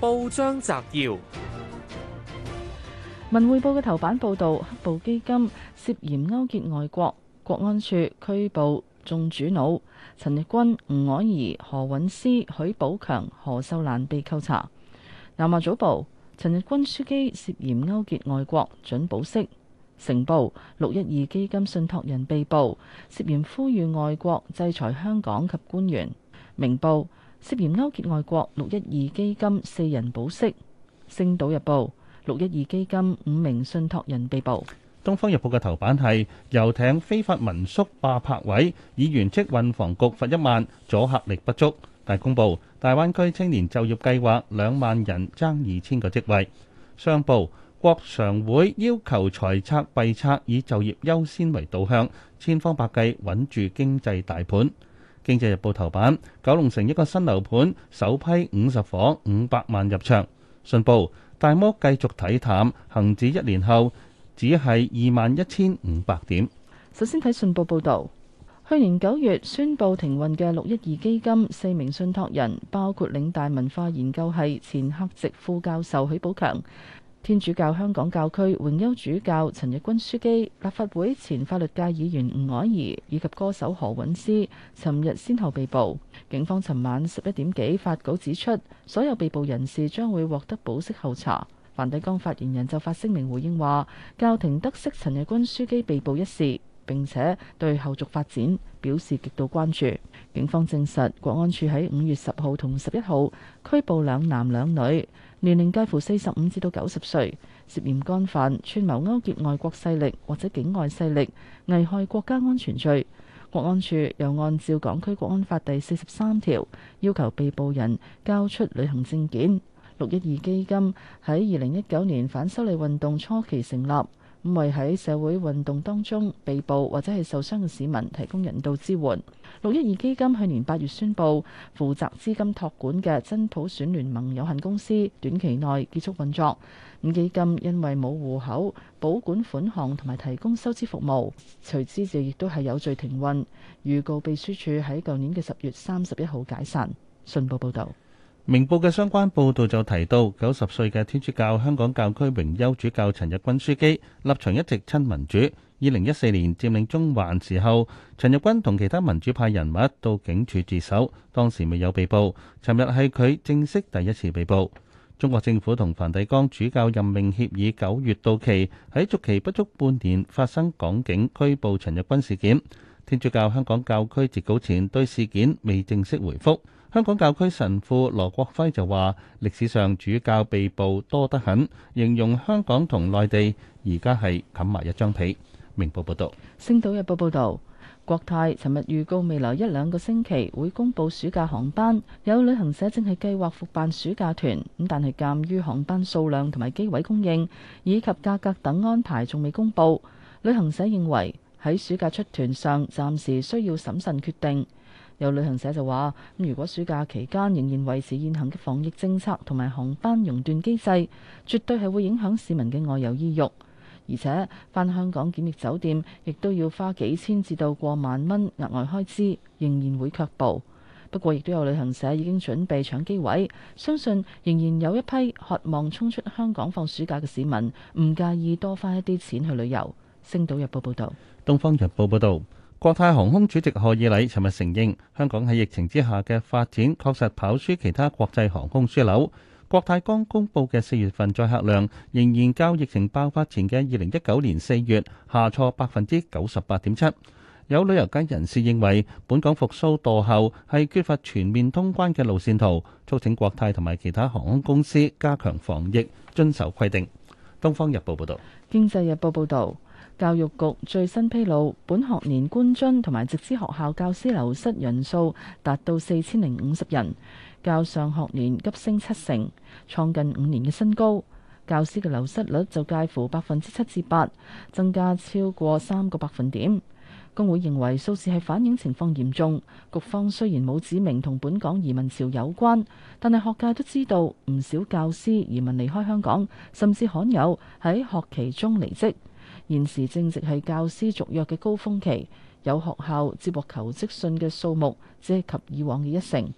報章摘要：文匯報嘅頭版報道黑暴基金涉嫌勾結外國，國安處拘捕眾主腦，陳日君、吳靄儀、何韻詩、許寶強、何秀蘭被扣查。南華早報：陳日君樞機涉嫌勾結外國，准保釋。成報：六一二基金信託人被捕，涉嫌呼籲外國制裁香港及官員。明報，涉嫌勾結外國，六一二基金四人保釋。《星島日報》六一二基金五名信託人被捕。《東方日報》嘅頭版係遊艇非法民宿霸泊位，議員即運房局罰一萬，阻吓力不足。大公報：大灣區青年就業計劃兩萬人爭二千個職位。商報：國常會要求財策、幣策以就業優先為導向，千方百計穩住經濟大盤。《經濟日報》頭版，九龍城一個新樓盤首批五十房五百萬入場。信報，大摩繼續睇淡，恆指一年後只係二萬一千五百點。首先睇信報報導，去年九月宣布停運嘅六一二基金，四名信託人包括嶺大文化研究系前客席副教授許寶強。天主教香港教區榮休主教陳日君樞機、立法會前法律界議員吳靄儀以及歌手何韻詩，尋日先後被捕。警方尋晚十一點幾發稿指出，所有被捕人士將會獲得保釋候查。梵蒂岡發言人就發聲明回應話：教廷得悉陳日君樞機被捕一事。並且對後續發展表示極度關注。警方證實，國安處喺五月十號同十一號拘捕兩男兩女，年齡介乎四十五至到九十歲，涉嫌干犯串謀勾結外國勢力或者境外勢力，危害國家安全罪。國安處又按照港區國安法第四十三條，要求被捕人交出旅行證件。六一二基金喺二零一九年反修例運動初期成立。因為喺社會運動當中被捕或者係受傷嘅市民提供人道支援。六一二基金去年八月宣布負責資金託管嘅真普選聯盟有限公司短期內結束運作。咁基金因為冇戶口，保管款項同埋提供收支服務，隨之就亦都係有序停運。預告秘書處喺舊年嘅十月三十一號解散。信報報道。明報嘅相關報導就提到，九十歲嘅天主教香港教區榮休主教陳日君書記，立場一直親民主。二零一四年佔領中環時候，陳日君同其他民主派人物到警署自首，當時未有被捕。尋日係佢正式第一次被捕。中國政府同梵蒂岡主教任命協議九月到期，喺續期不足半年發生港警拘捕陳日君事件。天主教香港教區截稿前對事件未正式回覆。香港教區神父羅國輝就話，歷史上主教被捕多得很，形容香港同內地而家係冚埋一張被。明報報道。星島日報報道，國泰尋日預告未來一兩個星期會公布暑假航班，有旅行社正係計劃復辦暑假團，咁但係鑑於航班數量同埋機位供應以及價格等安排仲未公布，旅行社認為喺暑假出團上暫時需要審慎決定。有旅行社就話：咁如果暑假期間仍然維持現行嘅防疫政策同埋航班熔斷機制，絕對係會影響市民嘅外遊意欲。而且返香港檢疫酒店，亦都要花幾千至到過萬蚊額外開支，仍然會卻步。不過，亦都有旅行社已經準備搶機位，相信仍然有一批渴望衝出香港放暑假嘅市民，唔介意多花一啲錢去旅遊。《星島日報》報道。《東方日報》報道。國泰航空主席賀以禮尋日承認，香港喺疫情之下嘅發展確實跑輸其他國際航空樞紐。國泰剛公布嘅四月份載客量，仍然較疫情爆發前嘅二零一九年四月下挫百分之九十八點七。有旅遊界人士認為，本港復蘇滯後係缺乏全面通關嘅路線圖，促請國泰同埋其他航空公司加強防疫，遵守規定。東方日報報道，經濟日報報道。教育局最新披露，本學年官津同埋直資學校教師流失人數達到四千零五十人，較上學年急升七成，創近五年嘅新高。教師嘅流失率就介乎百分之七至八，增加超過三個百分點。工會認為數字係反映情況嚴重。局方雖然冇指明同本港移民潮有關，但係學界都知道唔少教師移民離開香港，甚至罕有喺學期中離職。現時正值係教師續約嘅高峰期，有學校接獲求職信嘅數目，只係及以往嘅一成。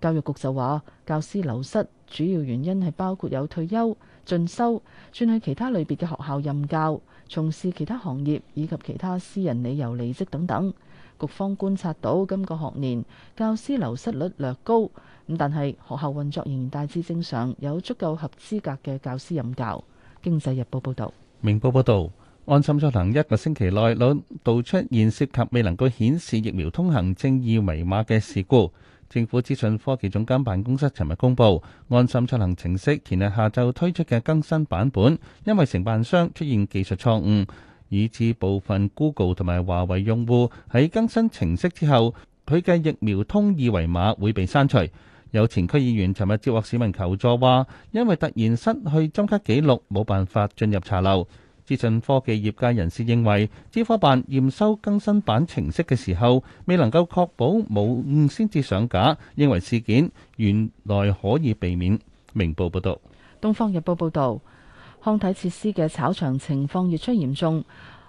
教育局就話，教師流失主要原因係包括有退休、進修、轉去其他類別嘅學校任教、從事其他行業，以及其他私人理由離職等等。局方觀察到今個學年教師流失率略高，咁但係學校運作仍然大致正常，有足夠合資格嘅教師任教。經濟日報報道。明報報道。安心出行一個星期內，兩度出現涉及未能夠顯示疫苗通行證二維碼嘅事故。政府資訊科技總監辦公室尋日公布，安心出行程式前日下晝推出嘅更新版本，因為承辦商出現技術錯誤，以致部分 Google 同埋華為用戶喺更新程式之後，佢嘅疫苗通二維碼會被刪除。有前區議員尋日接獲市民求助，話因為突然失去增加記錄，冇辦法進入茶樓。資訊科技業界人士認為，招科辦驗收更新版程式嘅時候，未能夠確保冇誤先至上架，認為事件原來可以避免。明報報導，《東方日報》報導，康體設施嘅炒場情況越趨嚴重。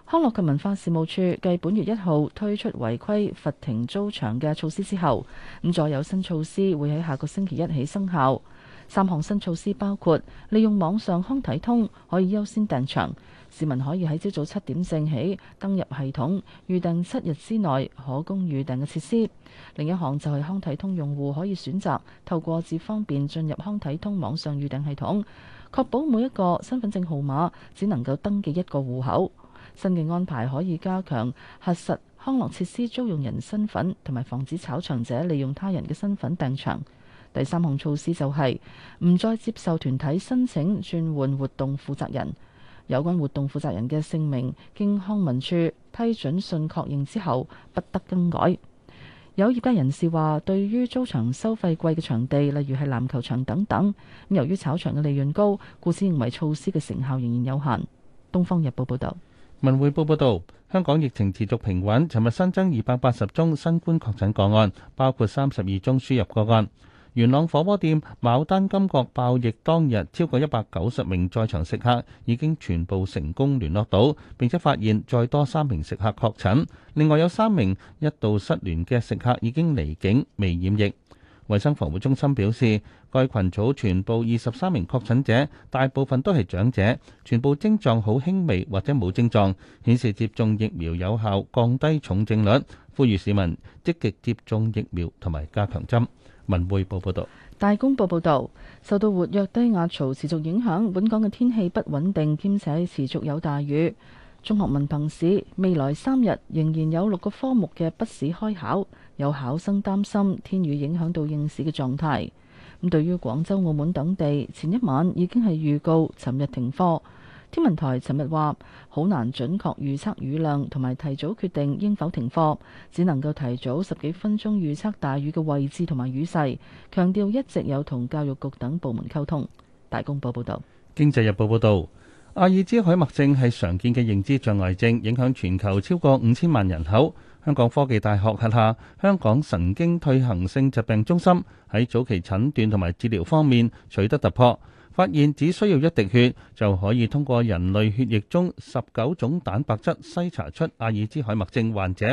康樂及文化事務處繼本月一號推出違規罰停租場嘅措施之後，咁再有新措施會喺下個星期一起生效。三項新措施包括利用網上康體通可以優先訂場。市民可以喺朝早七點正起登入系統，預訂七日之內可供預訂嘅設施。另一項就係康體通用戶可以選擇透過智方便進入康體通網上預訂系統，確保每一個身份證號碼只能夠登記一個戶口。新嘅安排可以加強核實康樂設施租用人身份，同埋防止炒場者利用他人嘅身份訂場。第三項措施就係、是、唔再接受團體申請轉換活動負責人。有關活動負責人嘅姓名經康文署批准信確認之後，不得更改。有業界人士話，對於租場收費貴嘅場地，例如係籃球場等等，由於炒場嘅利潤高，故此認為措施嘅成效仍然有限。《東方日報》報道，《文匯報》報道，香港疫情持續平穩。尋日新增二百八十宗新冠確診個案，包括三十二宗輸入個案。元朗火鍋店牡丹金閣爆疫當日，超過一百九十名在場食客已經全部成功聯絡到，並且發現再多三名食客確診。另外有三名一度失聯嘅食客已經離境，未染疫。衛生防護中心表示，該群組全部二十三名確診者，大部分都係長者，全部症狀好輕微或者冇症狀，顯示接種疫苗有效降低重症率。呼籲市民積極接種疫苗同埋加強針。文匯報報道，大公報報道，受到活躍低壓槽持續影響，本港嘅天氣不穩定，兼且持續有大雨。中學文憑試未來三日仍然有六個科目嘅筆試開考，有考生擔心天雨影響到應試嘅狀態。咁、嗯、對於廣州、澳門等地，前一晚已經係預告，尋日停課。天文台尋日話：好難準確預測雨量同埋提早決定應否停課，只能夠提早十幾分鐘預測大雨嘅位置同埋雨勢。強調一直有同教育局等部門溝通。大公報報道：《經濟日報》報道，阿爾茲海默症係常見嘅認知障礙症，影響全球超過五千萬人口。香港科技大學轄下香港神經退行性疾病中心喺早期診斷同埋治療方面取得突破。發現只需要一滴血，就可以通過人類血液中十九種蛋白質篩查出阿爾茨海默症患者，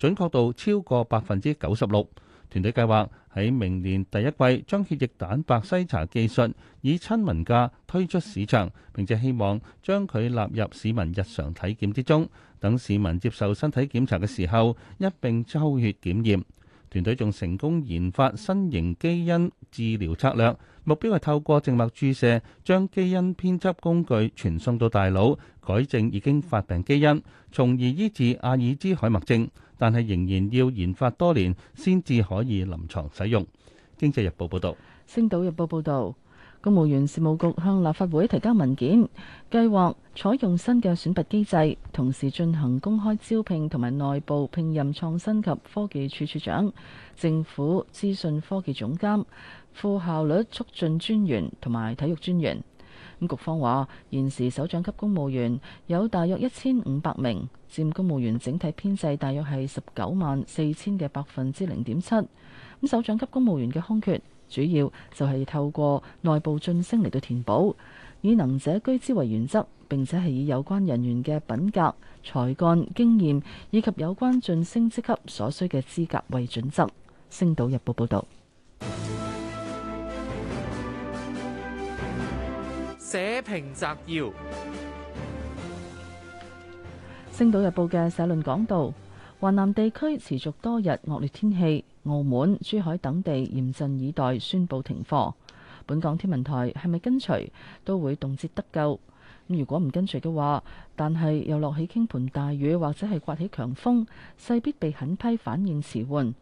準確度超過百分之九十六。團隊計劃喺明年第一季將血液蛋白篩查技術以親民價推出市場，並且希望將佢納入市民日常體檢之中，等市民接受身體檢查嘅時候一並抽血檢驗。團隊仲成功研發新型基因治療策略。目標係透過靜脈注射將基因編輯工具傳送到大腦，改正已經發病基因，從而醫治阿爾茲海默症。但係仍然要研發多年先至可以臨床使用。經濟日報報道。星島日報報道，公務員事務局向立法會提交文件，計劃採用新嘅選拔機制，同時進行公開招聘同埋內部聘任創新及科技處處長。政府資訊科技總監、副效率促進專員同埋體育專員咁。局方話現時首長級公務員有大約一千五百名，佔公務員整體編制大約係十九萬四千嘅百分之零點七。咁首長級公務員嘅空缺主要就係透過內部晉升嚟到填補，以能者居之為原則，並且係以有關人員嘅品格、才幹、經驗以及有關晉升職級所需嘅資格為準則。《星島日報》報道，社評摘要，《星島日報》嘅社論講道，華南地區持續多日惡劣天氣，澳門、珠海等地嚴陣以待，宣布停課。本港天文台係咪跟隨都會動輒得咎。如果唔跟隨嘅話，但係又落起傾盆大雨，或者係颳起強風，勢必被狠批反應遲緩。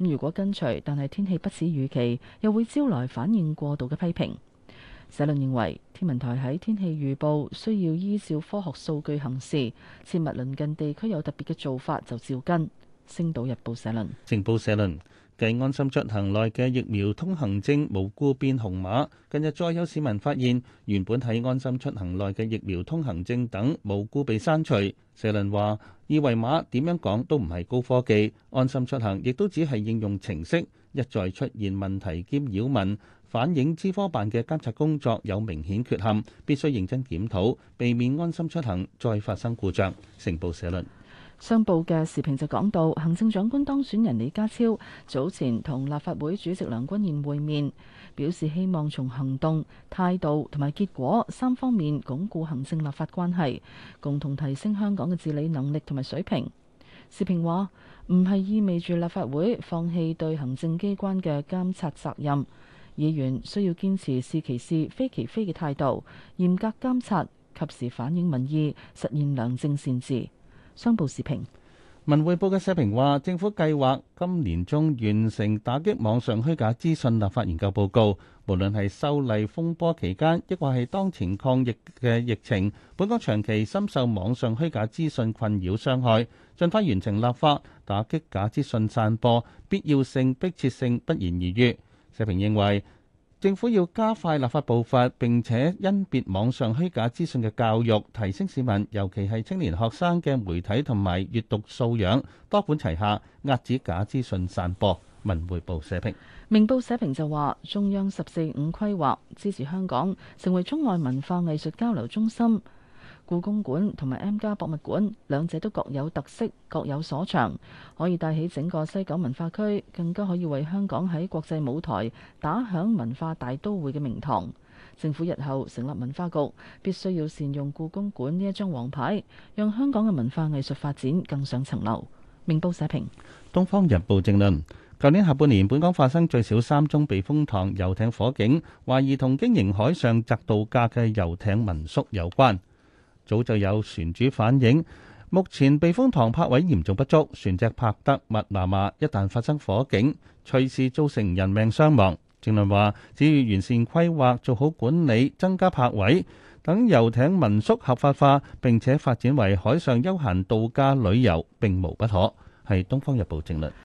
咁如果跟隨，但係天氣不似預期，又會招來反應過度嘅批評。社論認為天文台喺天氣預報需要依照科學數據行事，切勿鄰近地區有特別嘅做法就照跟。星島日報社論，成報社論。繼安心出行內嘅疫苗通行證無故變紅碼，近日再有市民發現原本喺安心出行內嘅疫苗通行證等無故被刪除。社論話：二維碼點樣講都唔係高科技，安心出行亦都只係應用程式，一再出現問題兼擾民，反映資科辦嘅監察工作有明顯缺陷，必須認真檢討，避免安心出行再發生故障。成報社論。商報嘅時評就講到，行政長官當選人李家超早前同立法會主席梁君彥會面，表示希望從行動、態度同埋結果三方面鞏固行政立法關係，共同提升香港嘅治理能力同埋水平。時評話，唔係意味住立法會放棄對行政機關嘅監察責任，議員需要堅持是其是、非其非嘅態度，嚴格監察，及時反映民意，實現良政善治。商報視評，文匯報嘅社評話：政府計劃今年中完成打擊網上虛假資訊立法研究報告。無論係修例風波期間，抑或係當前抗疫嘅疫情，本港長期深受網上虛假資訊困擾傷害。盡快完成立法，打擊假資訊散播，必要性、迫切性不言而喻。社評認為。政府要加快立法步伐，並且甄別網上虛假資訊嘅教育，提升市民，尤其係青年學生嘅媒體同埋閱讀素養，多管齊下，遏止假資訊散播。文匯報社評，明報社評就話中央十四五規劃支持香港成為中外文化藝術交流中心。故宮館同埋 M+ 博物館兩者都各有特色，各有所長，可以帶起整個西九文化區，更加可以為香港喺國際舞台打響文化大都會嘅名堂。政府日後成立文化局，必須要善用故宮館呢一張王牌，讓香港嘅文化藝術發展更上層樓。明報社評，《東方日報》正論，舊年下半年，本港發生最少三宗避風塘遊艇火警，懷疑同經營海上宅度假嘅遊艇民宿有關。早就有船主反映，目前避風塘泊位嚴重不足，船隻泊得密麻麻，一旦發生火警，隨時造成人命傷亡。政論話，只要完善規劃、做好管理、增加泊位等，游艇民宿合法化並且發展為海上休閒度假旅遊並無不可。係東方日報政論。